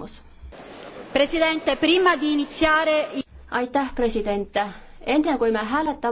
võtmus. aitäh, president, enne kui me hääletama